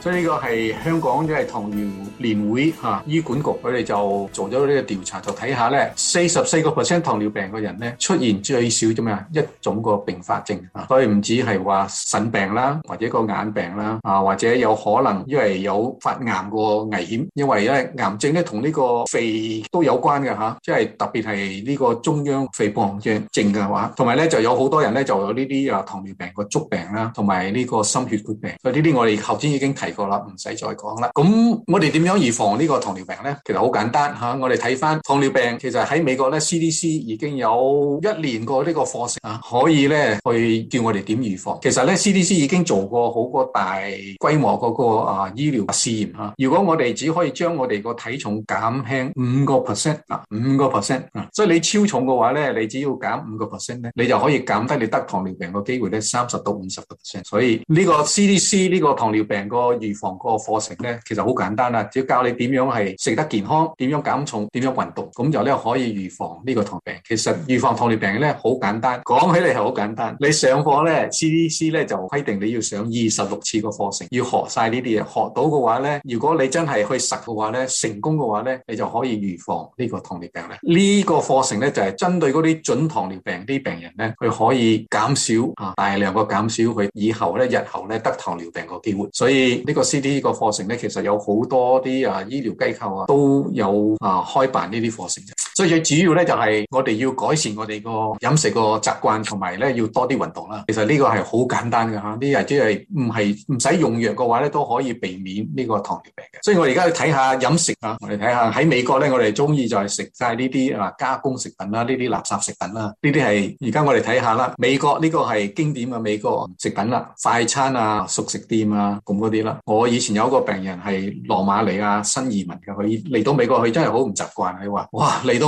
所以呢個係香港嘅糖尿病。年會嚇、啊、醫管局佢哋就做咗呢個調查，就睇下咧四十四個 percent 糖尿病嘅人咧出現最少啲咩啊一種個併發症啊，所以唔止係話腎病啦，或者個眼病啦啊，或者有可能因為有發癌個危險，因為因癌症咧同呢個肺都有關嘅嚇、啊，即係特別係呢個中央肥胖症症嘅話，同埋咧就有好多人咧就有呢啲啊糖尿病個足病啦，同埋呢個心血管病，所以呢啲我哋頭先已經提過啦，唔使再講啦。咁我哋點？想樣預防呢個糖尿病呢，其實好簡單吓，我哋睇翻糖尿病，其實喺美國呢 CDC 已經有一年過呢個課程啊，可以呢去叫我哋點預防。其實呢 CDC 已經做過好個大規模嗰個啊醫療試驗啦。如果我哋只可以將我哋個體重減輕五個 percent 啊，五個 percent 啊，所以你超重嘅話呢，你只要減五個 percent 咧，你就可以減低你得糖尿病嘅機會呢，三十到五十個 percent。所以呢個 CDC 呢個糖尿病個預防個課程呢，其實好簡單啦。要教你點樣係食得健康，點樣減重，點樣運動，咁就咧可以預防呢個糖尿病。其實預防糖尿病呢，好簡單，講起嚟係好簡單。你上課呢 CDC 呢就規定你要上二十六次個課程，要學晒呢啲嘢。學到嘅話呢，如果你真係去實嘅話呢，成功嘅話呢，你就可以預防呢個糖尿病咧。呢、呢個課程呢，就係、是、針對嗰啲準糖尿病啲病人呢，佢可以減少啊大量個減少佢以後呢，日後呢，得糖尿病個機會。所以呢個 CDC 個課程呢，其實有好多。啲啊醫療機構啊都有啊開辦呢啲課程嘅。所以最主要咧就係我哋要改善我哋個飲食個習慣，同埋咧要多啲運動啦。其實呢個係好簡單嘅嚇，呢啲即係唔係唔使用藥嘅話咧都可以避免呢個糖尿病嘅。所以我而家睇下飲食啊，我哋睇下喺美國咧，我哋中意就係食晒呢啲啊加工食品啦、呢啲垃圾食品啦，呢啲係而家我哋睇下啦。美國呢個係經典嘅美國食品啦，快餐啊、熟食店啊咁嗰啲啦。我以前有一個病人係羅馬尼亞新移民嘅，佢嚟到美國佢真係好唔習慣，佢話哇嚟到。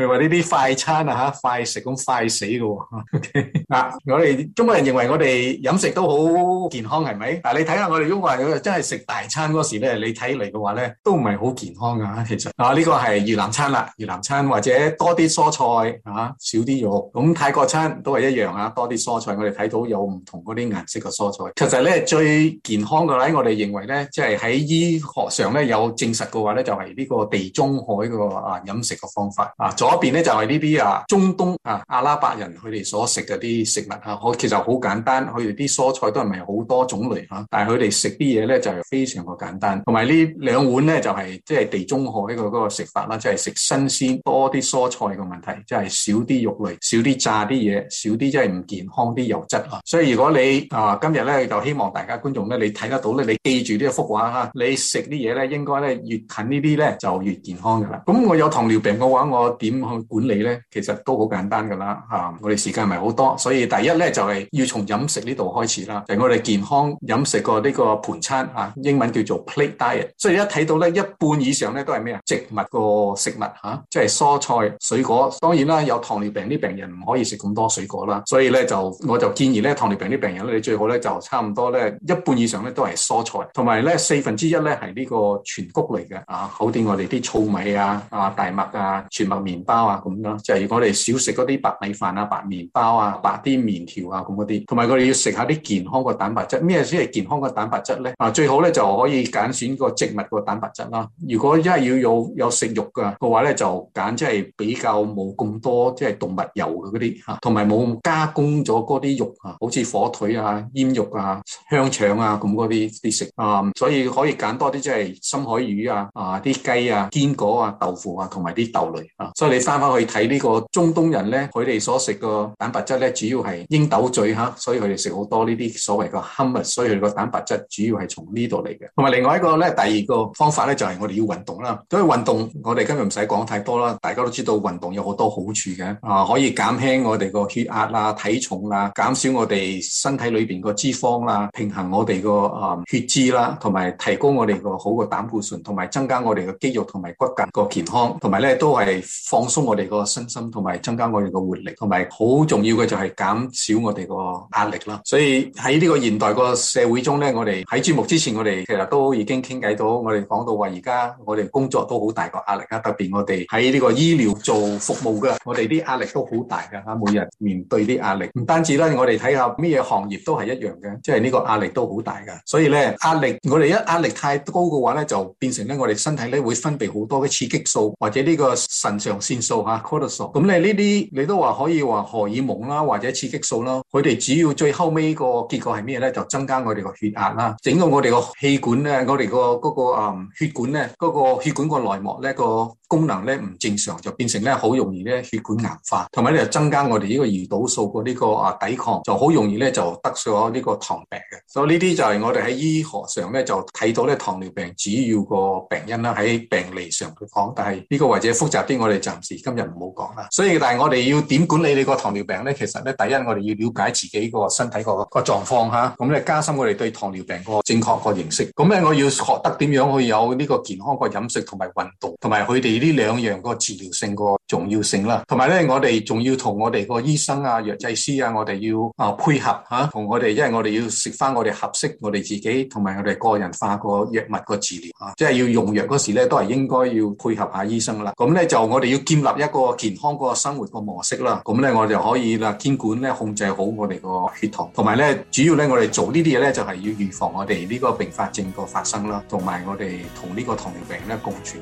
譬如話呢啲快餐啊吓，快食咁快死嘅。嗱、okay? 啊，我哋中國人認為我哋飲食都好健康，係咪？嗱、啊，你睇下我哋中國人，真係食大餐嗰時咧，你睇嚟嘅話咧，都唔係好健康啊。其實啊，呢個係越南餐啦、啊，越南餐或者多啲蔬菜啊，少啲肉。咁、啊、泰國餐都係一樣啊，多啲蔬菜。我哋睇到有唔同嗰啲顏色嘅蔬菜。其實咧，最健康嘅咧，我哋認為咧，即係喺醫學上咧有證實嘅話咧，就係、是、呢個地中海個啊飲食嘅方法啊，啊嗰邊咧就係呢啲啊，中東啊阿拉伯人佢哋所食嘅啲食物啊，我其實好簡單，佢哋啲蔬菜都唔係好多種類嚇、啊，但係佢哋食啲嘢咧就係、是、非常個簡單。同埋呢兩碗咧就係即係地中海個嗰個食法啦，即係食新鮮多啲蔬菜嘅問題，即、就、係、是、少啲肉類、少啲炸啲嘢、少啲即係唔健康啲油質啊。所以如果你啊今日咧就希望大家觀眾咧，你睇得到咧，你記住呢一幅畫嚇、啊，你食啲嘢咧應該咧越近呢啲咧就越健康噶啦。咁我有糖尿病嘅話，我點？管理咧，其實都好簡單噶啦嚇！我哋時間唔係好多，所以第一咧就係、是、要從飲食呢度開始啦。就係、是、我哋健康飲食個呢個盤餐嚇、啊，英文叫做 plate diet。所以一睇到咧，一半以上咧都係咩啊？植物個食物嚇，即、啊、係、就是、蔬菜水果。當然啦，有糖尿病啲病人唔可以食咁多水果啦。所以咧就我就建議咧，糖尿病啲病人咧，你最好咧就差唔多咧一半以上咧都係蔬菜，同埋咧四分之一咧係呢個全穀嚟嘅啊，好似我哋啲糙米啊、啊大麥啊、全麥麵包啊咁咯，即係我哋少食嗰啲白米飯啊、白麵包啊、白啲麵條啊咁嗰啲，同埋我哋要食下啲健康嘅蛋白質。咩先係健康嘅蛋白質咧？啊，最好咧就可以揀選個植物個蛋白質啦。如果一係要有有食肉嘅嘅話咧，就揀即係比較冇咁多即係、就是、動物油嘅啲嚇，同埋冇加工咗嗰啲肉啊，好似火腿啊、煙肉啊、香腸啊咁嗰啲啲食啊。所以可以揀多啲即係深海魚啊、啊啲雞啊、堅果啊、豆腐啊同埋啲豆類。啊。所以翻返去睇呢個中東人咧，佢哋所食個蛋白質咧，主要係鷹豆嘴嚇，所以佢哋食好多呢啲所謂個 hummus，所以佢哋個蛋白質主要係從呢度嚟嘅。同埋另外一個咧，第二個方法咧，就係、是、我哋要運動啦。咁啊，運動我哋今日唔使講太多啦，大家都知道運動有好多好處嘅啊、呃，可以減輕我哋個血壓啊、體重啦，減少我哋身體裏邊個脂肪啦，平衡我哋個啊血脂啦，同埋提高我哋個好個膽固醇，同埋增加我哋個肌肉同埋骨骼個健康，同埋咧都係防放鬆我哋個身心，同埋增加我哋個活力，同埋好重要嘅就係減少我哋個壓力啦。所以喺呢個現代個社會中呢，我哋喺節目之前，我哋其實都已經傾偈到，我哋講到話而家我哋工作都好大個壓力啊。特別我哋喺呢個醫療做服務嘅，我哋啲壓力都好大噶吓，每日面對啲壓力。唔單止啦，我哋睇下咩行業都係一樣嘅，即係呢個壓力都好大噶。所以呢，壓力我哋一壓力太高嘅話呢，就變成呢，我哋身體呢會分泌好多嘅刺激素，或者呢個腎上腺激素嚇，cortisol。咁你呢啲你都話可以話荷爾蒙啦，或者刺激素啦。佢哋主要最後尾個結果係咩咧？就增加我哋個血壓啦，整到我哋個氣管咧，我哋個嗰個啊血管咧，嗰、個血管、個內膜咧、個功能咧唔正常，就變成咧好容易咧血管硬化，同埋咧就增加我哋呢個胰島素個呢個啊抵抗，就好容易咧就得咗呢個糖，糖尿病嘅。所以呢啲就係我哋喺醫學上咧就睇到咧糖尿病主要個病因啦，喺病理上嚟講，但係呢個或者複雜啲，我哋就。今日唔好講啦，所以但係我哋要點管理你個糖尿病呢？其實呢，第一我哋要了解自己個身體個個狀況吓，咁、啊、咧加深我哋對糖尿病個正確個認識。咁、啊、咧，我要學得點樣去有呢個健康個飲食同埋運動，同埋佢哋呢兩樣個治療性個重要性啦。同、啊、埋呢，我哋仲要同我哋個醫生啊、藥劑師啊，我哋要啊配合吓，同我哋，因為我哋要食翻我哋合適我哋自己同埋我哋個人化個藥物個治療啊，即係要用藥嗰時呢，都係應該要配合下醫生啦。咁、啊、呢，就我哋要。建立一個健康個生活個模式啦，咁咧我哋可以啦監管咧控制好我哋個血糖，同埋咧主要咧我哋做呢啲嘢咧就係要預防我哋呢個併發症個發生啦，同埋我哋同呢個糖尿病咧共存。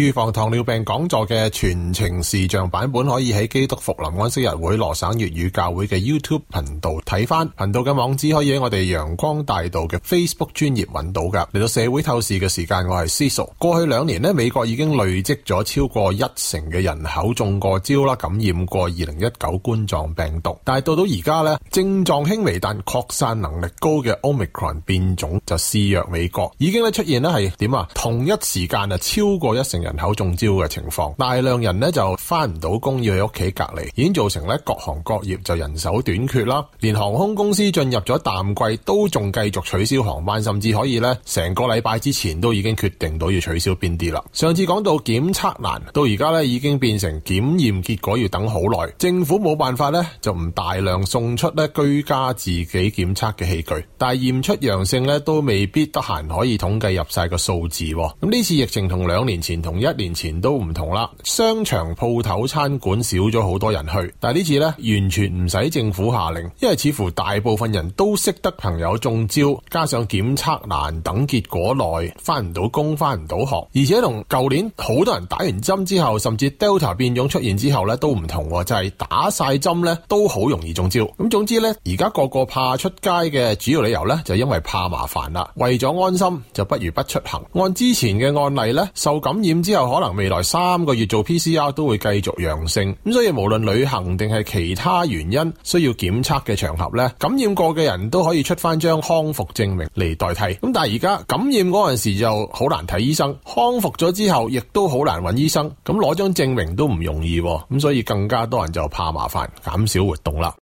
預防糖尿病講座嘅全程視像版本可以喺基督復臨安息日會羅省粵語教會嘅 YouTube 頻道睇返。頻道嘅網址可以喺我哋陽光大道嘅 Facebook 專頁揾到噶。嚟到社會透視嘅時間，我係 Cecil。過去兩年咧，美國已經累積咗超過一成嘅人口中過招啦，感染過二零一九冠狀病毒。但係到到而家呢症狀輕微但擴散能力高嘅 Omicron 變種就肆虐美國，已經咧出現咧係點啊？同一時間啊，超過一成人。人口中招嘅情況，大量人咧就翻唔到工，要喺屋企隔離，已經造成咧各行各業就人手短缺啦。連航空公司進入咗淡季都仲繼續取消航班，甚至可以咧成個禮拜之前都已經決定到要取消邊啲啦。上次講到檢測難，到而家咧已經變成檢驗結果要等好耐，政府冇辦法咧就唔大量送出咧居家自己檢測嘅器具，但係驗出陽性咧都未必得閒可以統計入晒個數字。咁呢次疫情同兩年前同，一年前都唔同啦，商場、鋪頭、餐館少咗好多人去，但係呢次呢完全唔使政府下令，因為似乎大部分人都識得朋友中招，加上檢測難、等結果耐、翻唔到工、翻唔到學，而且同舊年好多人打完針之後，甚至 Delta 變種出現之後呢都唔同，就係打晒針呢都好容易中招。咁總之呢，而家個個怕出街嘅主要理由呢，就因為怕麻煩啦，為咗安心就不如不出行。按之前嘅案例呢，受感染，之後可能未來三個月做 PCR 都會繼續陽性，咁所以無論旅行定係其他原因需要檢測嘅場合咧，感染過嘅人都可以出翻張康復證明嚟代替。咁但係而家感染嗰陣時就好難睇醫生，康復咗之後亦都好難揾醫生，咁攞張證明都唔容易，咁所以更加多人就怕麻煩，減少活動啦。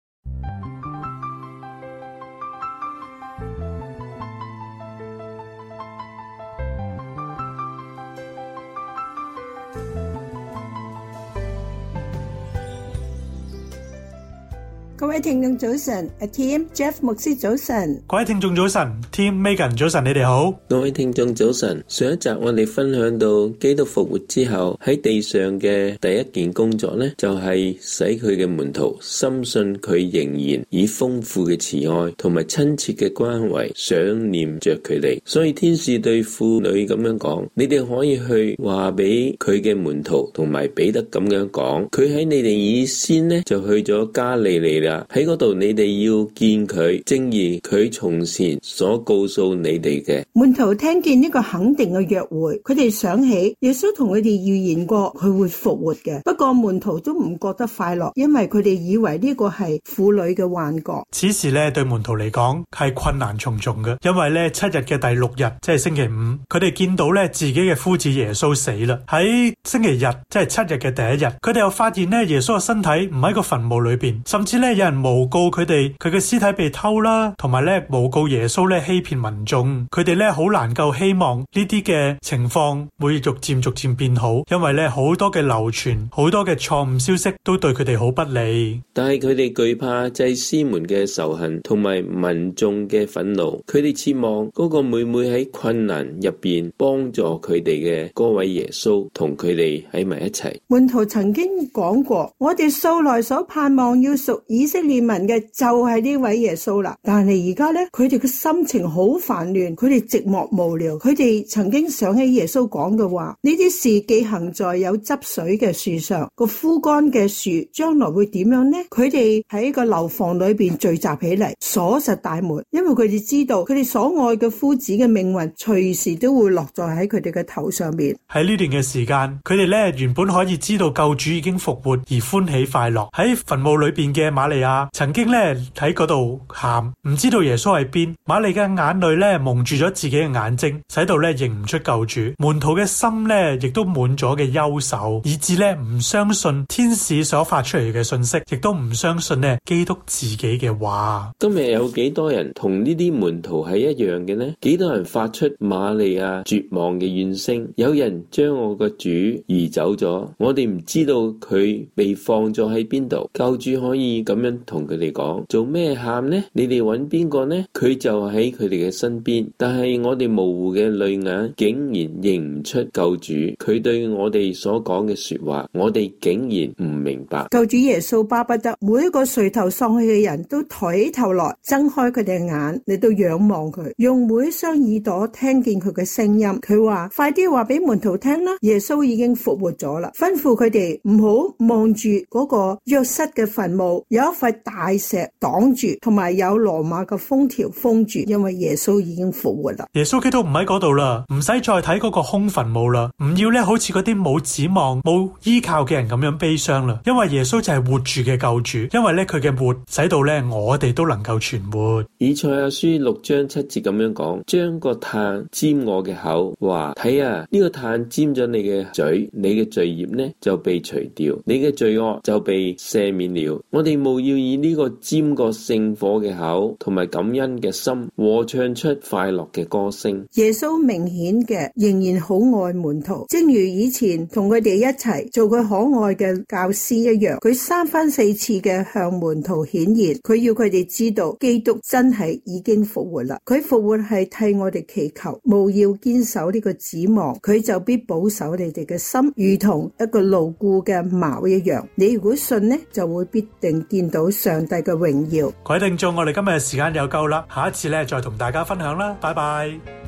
各位聽眾早晨阿，Team Jeff 牧師早晨，各位聽眾早晨，Team Megan 早晨，你哋好，各位聽眾早晨。上一集我哋分享到基督復活之後喺地上嘅第一件工作咧，就係使佢嘅門徒深信佢仍然以豐富嘅慈愛同埋親切嘅關懷想念着佢哋。所以天使對婦女咁樣講，你哋可以去話俾佢嘅門徒同埋彼得咁樣講，佢喺你哋以先咧就去咗加利利啦。喺嗰度，你哋要見佢，正如佢從前所告訴你哋嘅。門徒聽見呢個肯定嘅約會，佢哋想起耶穌同佢哋預言過佢會復活嘅。不過門徒都唔覺得快樂，因為佢哋以為呢個係婦女嘅幻覺。此時咧，對門徒嚟講係困難重重嘅，因為咧七日嘅第六日即係星期五，佢哋見到咧自己嘅夫子耶穌死啦。喺星期日，即係七日嘅第一日，佢哋又發現咧耶穌嘅身體唔喺個墳墓裏邊，甚至咧。有人誣告佢哋，佢嘅屍體被偷啦，同埋咧誣告耶穌咧欺騙民眾，佢哋咧好難夠希望呢啲嘅情況會逐漸逐漸變好，因為咧好多嘅流傳，好多嘅錯誤消息都對佢哋好不利。但係佢哋懼怕祭司們嘅仇恨同埋民眾嘅憤怒，佢哋期望嗰個妹妹喺困難入邊幫助佢哋嘅嗰位耶穌同佢哋喺埋一齊。門徒曾經講過，我哋素來所盼望要贖以以色列民嘅就係呢位耶穌啦，但係而家咧，佢哋嘅心情好煩亂，佢哋寂寞無聊，佢哋曾經想起耶穌講嘅話，呢啲事既行在有汁水嘅樹上，個枯乾嘅樹將來會點樣呢？佢哋喺個樓房裏邊聚集起嚟，鎖實大門，因為佢哋知道佢哋所愛嘅夫子嘅命運，隨時都會落在喺佢哋嘅頭上面。喺呢段嘅時間，佢哋咧原本可以知道救主已經復活而歡喜快樂，喺墳墓裏邊嘅馬利亞曾經咧喺嗰度喊，唔知道耶穌喺邊。瑪利嘅眼淚咧蒙住咗自己嘅眼睛，使到咧認唔出救主。門徒嘅心咧亦都滿咗嘅憂愁，以至咧唔相信天使所發出嚟嘅信息，亦都唔相信咧基督自己嘅話。今日有幾多人同呢啲門徒係一樣嘅呢？幾多人發出瑪利亞絕望嘅怨聲？有人將我個主移走咗，我哋唔知道佢被放咗喺邊度。救主可以咁樣。同佢哋講做咩喊呢？你哋揾邊個呢？佢就喺佢哋嘅身邊，但係我哋模糊嘅淚眼，竟然認唔出救主。佢對我哋所講嘅說話，我哋竟然唔明白。救主耶穌巴不得每一個垂頭喪氣嘅人都抬起頭來，睜開佢哋嘅眼，你都仰望佢，用每一雙耳朵聽見佢嘅聲音。佢話：快啲話俾門徒聽啦！耶穌已經復活咗啦！吩咐佢哋唔好望住嗰個約瑟嘅墳墓，有。塊大石擋住，同埋有羅馬嘅封條封住，因為耶穌已經復活啦。耶穌基督唔喺嗰度啦，唔使再睇嗰個空墳墓啦。唔要咧，好似嗰啲冇指望、冇依靠嘅人咁樣悲傷啦。因為耶穌就係活住嘅救主，因為咧佢嘅活，使到咧我哋都能夠存活。以賽亞書六章七節咁樣講：將個炭沾我嘅口，話睇啊，呢、這個炭沾咗你嘅嘴，你嘅罪孽呢就被除掉，你嘅罪惡就被赦免了。我哋冇要以呢個沾個聖火嘅口，同埋感恩嘅心，和唱出快樂嘅歌聲。耶穌明顯嘅仍然好愛門徒，正如以前同佢哋一齊做佢可愛嘅教師一樣。佢三番四次嘅向門徒顯現，佢要佢哋知道基督真係已經復活啦。佢復活係替我哋祈求，無要堅守呢個指望，佢就必保守你哋嘅心，如同一個牢固嘅矛一樣。你如果信呢，就會必定見到。到上帝嘅榮耀，佢敬眾。我哋今日嘅時間又夠啦，下一次咧再同大家分享啦，拜拜。